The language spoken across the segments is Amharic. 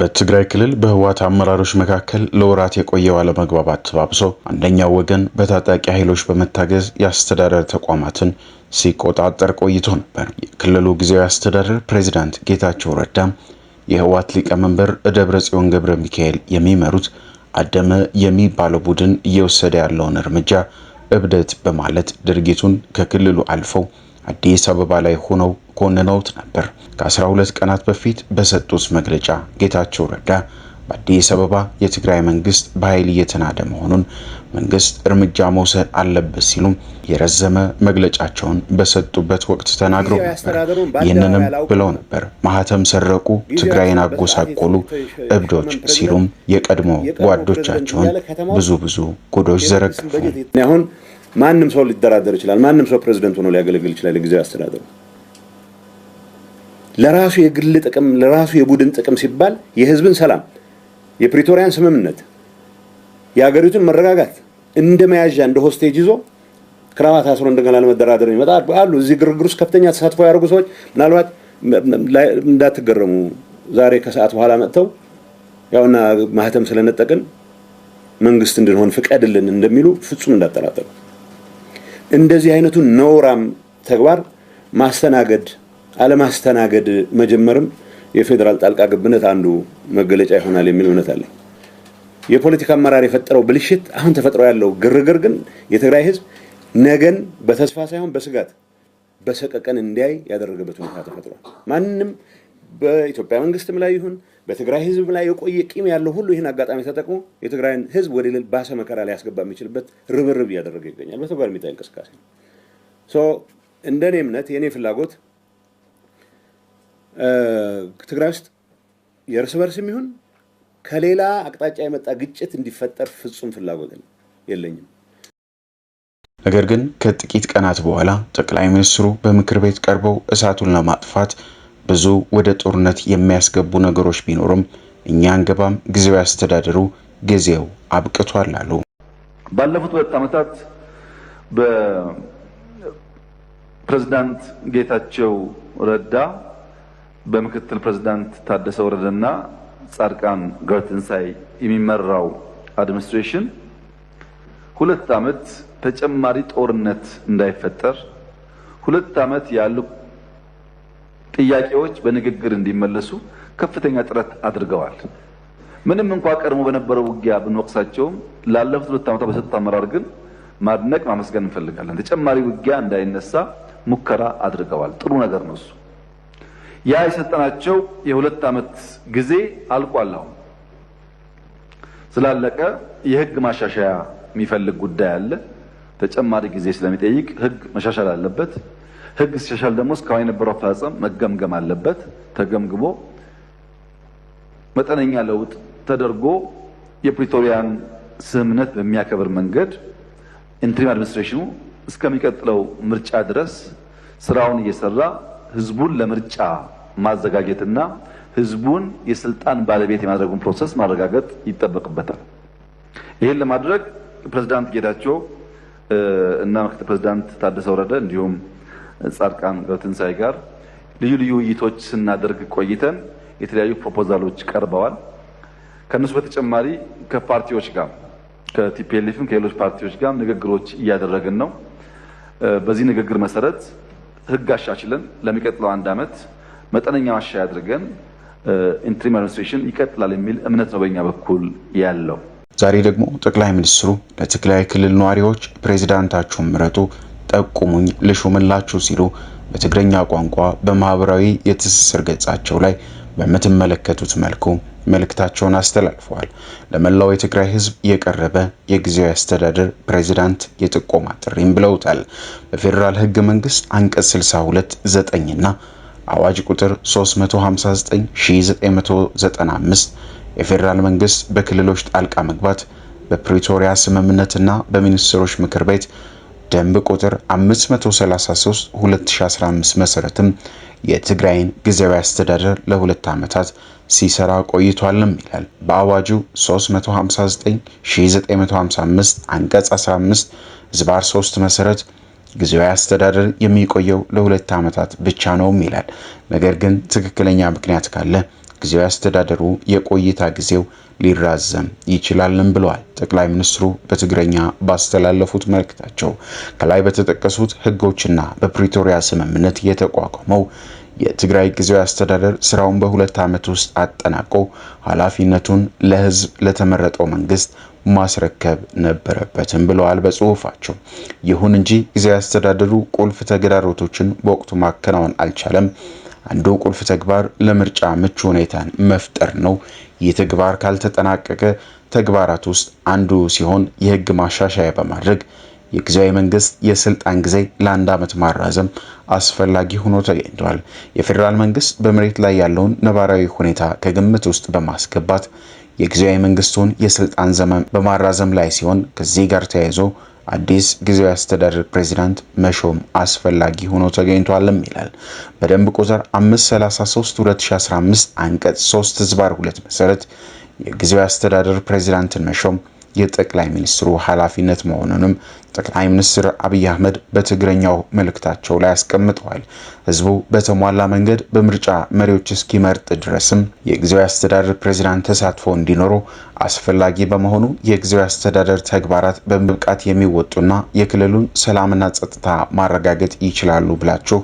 በትግራይ ክልል በህወሓት አመራሮች መካከል ለወራት የቆየው አለመግባባት ተባብሶ አንደኛው ወገን በታጣቂ ኃይሎች በመታገዝ የአስተዳደር ተቋማትን ሲቆጣጠር ቆይቶ ነበር። የክልሉ ጊዜያዊ አስተዳደር ፕሬዚዳንት ጌታቸው ረዳም የህወሓት ሊቀመንበር ደብረ ጽዮን ገብረ ሚካኤል የሚመሩት አደመ የሚባለው ቡድን እየወሰደ ያለውን እርምጃ እብደት በማለት ድርጊቱን ከክልሉ አልፈው አዲስ አበባ ላይ ሆነው ኮንነውት ነበር። ከ12 ቀናት በፊት በሰጡት መግለጫ ጌታቸው ረዳ በአዲስ አበባ የትግራይ መንግስት በኃይል እየተናደ መሆኑን መንግስት እርምጃ መውሰድ አለበት ሲሉም የረዘመ መግለጫቸውን በሰጡበት ወቅት ተናግረው ነበር። ይህንንም ብለው ነበር፣ ማህተም ሰረቁ፣ ትግራይን አጎሳቆሉ፣ እብዶች ሲሉም የቀድሞ ጓዶቻቸውን ብዙ ብዙ ጉዶች ዘረግፉ። ማንም ሰው ሊደራደር ይችላል። ማንም ሰው ፕሬዝደንት ሆኖ ሊያገለግል ይችላል። ጊዜ አስተዳደሩ ለራሱ የግል ጥቅም፣ ለራሱ የቡድን ጥቅም ሲባል የህዝብን ሰላም፣ የፕሪቶሪያን ስምምነት፣ የሀገሪቱን መረጋጋት እንደ መያዣ እንደ ሆስቴጅ ይዞ ክራባት አስሮ እንደገና ለመደራደር ይመጣ አሉ። እዚህ ግርግር ውስጥ ከፍተኛ ተሳትፎ ያደርጉ ሰዎች ምናልባት እንዳትገረሙ ዛሬ ከሰዓት በኋላ መጥተው ያውና ማህተም ስለነጠቅን መንግስት እንድንሆን ፍቀድልን እንደሚሉ ፍጹም እንዳጠራጠሩ እንደዚህ አይነቱ ነውራም ተግባር ማስተናገድ አለማስተናገድ መጀመርም የፌዴራል ጣልቃ ገብነት አንዱ መገለጫ ይሆናል የሚል እምነት አለኝ። የፖለቲካ አመራር የፈጠረው ብልሽት፣ አሁን ተፈጥሮ ያለው ግርግር ግን የትግራይ ህዝብ ነገን በተስፋ ሳይሆን በስጋት በሰቀቀን እንዲያይ ያደረገበት ሁኔታ ተፈጥሯል። ማንም በኢትዮጵያ መንግስትም ላይ ይሁን በትግራይ ህዝብ ላይ የቆየ ቂም ያለው ሁሉ ይህን አጋጣሚ ተጠቅሞ የትግራይን ህዝብ ወደ ሌል ባሰ መከራ ላይ ያስገባ የሚችልበት ርብርብ እያደረገ ይገኛል። በተግባር የሚታይ እንቅስቃሴ ነው። እንደ እኔ እምነት የእኔ ፍላጎት ትግራይ ውስጥ የእርስ በርስ የሚሆን ከሌላ አቅጣጫ የመጣ ግጭት እንዲፈጠር ፍጹም ፍላጎት የለኝም። ነገር ግን ከጥቂት ቀናት በኋላ ጠቅላይ ሚኒስትሩ በምክር ቤት ቀርበው እሳቱን ለማጥፋት ብዙ ወደ ጦርነት የሚያስገቡ ነገሮች ቢኖሩም እኛ አንገባም፣ ጊዜያዊ አስተዳደሩ ጊዜው አብቅቷል አሉ። ባለፉት ሁለት ዓመታት በፕሬዝዳንት ጌታቸው ረዳ በምክትል ፕሬዝዳንት ታደሰ ወረደና ጻድቃን ገብረትንሳኤ የሚመራው አድሚኒስትሬሽን ሁለት ዓመት ተጨማሪ ጦርነት እንዳይፈጠር ሁለት ዓመት ያሉ ጥያቄዎች በንግግር እንዲመለሱ ከፍተኛ ጥረት አድርገዋል። ምንም እንኳ ቀድሞ በነበረው ውጊያ ብንወቅሳቸውም ላለፉት ሁለት ዓመታት በሰጡት አመራር ግን ማድነቅ ማመስገን እንፈልጋለን። ተጨማሪ ውጊያ እንዳይነሳ ሙከራ አድርገዋል። ጥሩ ነገር ነው እሱ። ያ የሰጠናቸው የሁለት ዓመት ጊዜ አልቋል። አሁን ስላለቀ የህግ ማሻሻያ የሚፈልግ ጉዳይ አለ። ተጨማሪ ጊዜ ስለሚጠይቅ ህግ መሻሻል አለበት። ህግ ሲሻሻል ደግሞ እስካሁን የነበረው አፈጻጸም መገምገም አለበት። ተገምግሞ መጠነኛ ለውጥ ተደርጎ የፕሪቶሪያን ስምምነት በሚያከብር መንገድ ኢንትሪም አድሚኒስትሬሽኑ እስከሚቀጥለው ምርጫ ድረስ ስራውን እየሰራ ህዝቡን ለምርጫ ማዘጋጀትና ህዝቡን የስልጣን ባለቤት የማድረጉን ፕሮሰስ ማረጋገጥ ይጠበቅበታል። ይህን ለማድረግ ፕሬዚዳንት ጌዳቸው እና ምክትል ፕሬዚዳንት ታደሰ ወረደ እንዲሁም ጻድቃን ገብረትንሳኤ ጋር ልዩ ልዩ ውይይቶች ስናደርግ ቆይተን የተለያዩ ፕሮፖዛሎች ቀርበዋል። ከእነሱ በተጨማሪ ከፓርቲዎች ጋር ከቲፒኤልኤፍም ከሌሎች ፓርቲዎች ጋር ንግግሮች እያደረግን ነው። በዚህ ንግግር መሰረት ህግ አሻችለን ለሚቀጥለው አንድ ዓመት መጠነኛ ማሻ አድርገን ኢንትሪም አድሚኒስትሬሽን ይቀጥላል የሚል እምነት ነው በኛ በኩል ያለው። ዛሬ ደግሞ ጠቅላይ ሚኒስትሩ ለትግራይ ክልል ነዋሪዎች ፕሬዚዳንታችሁን ምረጡ ጠቁሙኝ ልሹምላችሁ ሲሉ በትግረኛ ቋንቋ በማህበራዊ የትስስር ገጻቸው ላይ በምትመለከቱት መልኩ መልእክታቸውን አስተላልፈዋል። ለመላው የትግራይ ህዝብ የቀረበ የጊዜያዊ አስተዳደር ፕሬዚዳንት የጥቆማ ጥሪም ብለውታል። በፌዴራል ህገ መንግስት አንቀጽ 62 9ና አዋጅ ቁጥር 359/1995 የፌዴራል መንግስት በክልሎች ጣልቃ መግባት በፕሪቶሪያ ስምምነትና በሚኒስትሮች ምክር ቤት ደንብ ቁጥር 533 2015 መሰረትም የትግራይን ጊዜያዊ አስተዳደር ለሁለት ዓመታት ሲሰራ ቆይቷልም ይላል። በአዋጁ 359955 አንቀጽ 15 ዝባር 3 መሰረት ጊዜያዊ አስተዳደር የሚቆየው ለሁለት ዓመታት ብቻ ነውም ይላል። ነገር ግን ትክክለኛ ምክንያት ካለ ጊዜያዊ አስተዳደሩ የቆይታ ጊዜው ሊራዘም ይችላልም ብለዋል። ጠቅላይ ሚኒስትሩ በትግረኛ ባስተላለፉት መልእክታቸው ከላይ በተጠቀሱት ህጎችና በፕሪቶሪያ ስምምነት የተቋቋመው የትግራይ ጊዜያዊ አስተዳደር ስራውን በሁለት ዓመት ውስጥ አጠናቆ ኃላፊነቱን ለህዝብ ለተመረጠው መንግስት ማስረከብ ነበረበትም ብለዋል በጽሁፋቸው። ይሁን እንጂ ጊዜያዊ አስተዳደሩ ቁልፍ ተግዳሮቶችን በወቅቱ ማከናወን አልቻለም። አንዱ ቁልፍ ተግባር ለምርጫ ምቹ ሁኔታን መፍጠር ነው። ይህ ተግባር ካልተጠናቀቀ ተግባራት ውስጥ አንዱ ሲሆን የህግ ማሻሻያ በማድረግ የጊዜያዊ መንግስት የስልጣን ጊዜ ለአንድ ዓመት ማራዘም አስፈላጊ ሆኖ ተገኝቷል። የፌዴራል መንግስት በመሬት ላይ ያለውን ነባራዊ ሁኔታ ከግምት ውስጥ በማስገባት የጊዜያዊ መንግስቱን የስልጣን ዘመን በማራዘም ላይ ሲሆን ከዚህ ጋር ተያይዞ አዲስ ጊዜያዊ አስተዳደር ፕሬዚዳንት መሾም አስፈላጊ ሆኖ ተገኝቷልም ይላል። በደንብ ቁጥር 533 2015 አንቀጽ 3 ዝባር 2 መሰረት የጊዜያዊ አስተዳደር ፕሬዚዳንትን መሾም የጠቅላይ ሚኒስትሩ ኃላፊነት መሆኑንም ጠቅላይ ሚኒስትር አብይ አህመድ በትግረኛው መልእክታቸው ላይ አስቀምጠዋል። ህዝቡ በተሟላ መንገድ በምርጫ መሪዎች እስኪመርጥ ድረስም የጊዜያዊ አስተዳደር ፕሬዚዳንት ተሳትፎ እንዲኖሩ አስፈላጊ በመሆኑ የጊዜያዊ አስተዳደር ተግባራት በብቃት የሚወጡና የክልሉን ሰላምና ጸጥታ ማረጋገጥ ይችላሉ ብላችሁ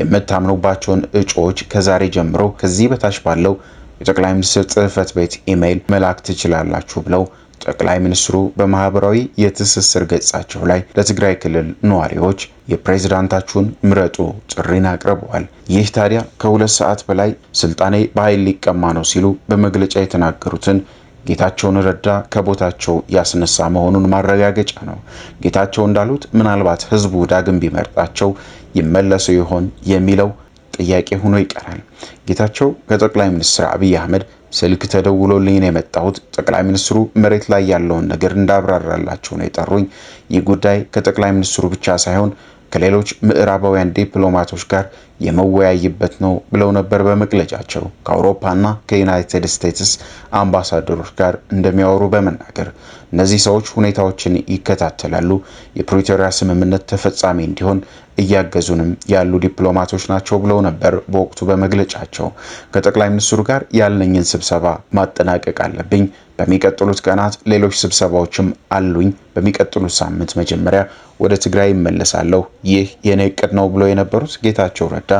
የምታምኑባቸውን እጩዎች ከዛሬ ጀምሮ ከዚህ በታች ባለው የጠቅላይ ሚኒስትር ጽህፈት ቤት ኢሜይል መላክ ትችላላችሁ ብለው ጠቅላይ ሚኒስትሩ በማህበራዊ የትስስር ገጻቸው ላይ ለትግራይ ክልል ነዋሪዎች የፕሬዝዳንታችሁን ምረጡ ጥሪን አቅርበዋል። ይህ ታዲያ ከሁለት ሰዓት በላይ ስልጣኔ በኃይል ሊቀማ ነው ሲሉ በመግለጫ የተናገሩትን ጌታቸውን ረዳ ከቦታቸው ያስነሳ መሆኑን ማረጋገጫ ነው። ጌታቸው እንዳሉት ምናልባት ህዝቡ ዳግም ቢመርጣቸው ይመለሱ ይሆን የሚለው ጥያቄ ሆኖ ይቀራል። ጌታቸው ከጠቅላይ ሚኒስትር አብይ አህመድ ስልክ ተደውሎልኝ ነው የመጣሁት። ጠቅላይ ሚኒስትሩ መሬት ላይ ያለውን ነገር እንዳብራራላቸው ነው የጠሩኝ። ይህ ጉዳይ ከጠቅላይ ሚኒስትሩ ብቻ ሳይሆን ከሌሎች ምዕራባውያን ዲፕሎማቶች ጋር የመወያይበት ነው ብለው ነበር በመግለጫቸው ከአውሮፓና ከዩናይትድ ስቴትስ አምባሳደሮች ጋር እንደሚያወሩ በመናገር እነዚህ ሰዎች ሁኔታዎችን ይከታተላሉ፣ የፕሪቶሪያ ስምምነት ተፈጻሚ እንዲሆን እያገዙንም ያሉ ዲፕሎማቶች ናቸው ብለው ነበር በወቅቱ በመግለጫቸው። ከጠቅላይ ሚኒስትሩ ጋር ያለኝን ስብሰባ ማጠናቀቅ አለብኝ። በሚቀጥሉት ቀናት ሌሎች ስብሰባዎችም አሉኝ። በሚቀጥሉት ሳምንት መጀመሪያ ወደ ትግራይ ይመለሳለሁ። ይህ የኔ እቅድ ነው ብለው የነበሩት ጌታቸው ረዳ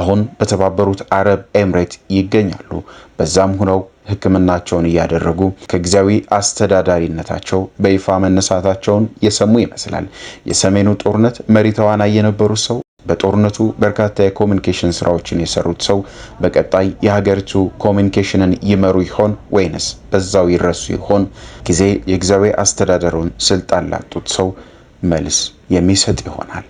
አሁን በተባበሩት አረብ ኤምሬት ይገኛሉ። በዛም ሆነው ሕክምናቸውን እያደረጉ ከጊዜያዊ አስተዳዳሪነታቸው በይፋ መነሳታቸውን የሰሙ ይመስላል። የሰሜኑ ጦርነት መሪ ተዋናይ የነበሩት ሰው በጦርነቱ በርካታ የኮሚኒኬሽን ስራዎችን የሰሩት ሰው በቀጣይ የሀገሪቱ ኮሚኒኬሽንን ይመሩ ይሆን ወይንስ በዛው ይረሱ ይሆን? ጊዜ የጊዜያዊ አስተዳደሩን ስልጣን ላጡት ሰው መልስ የሚሰጥ ይሆናል።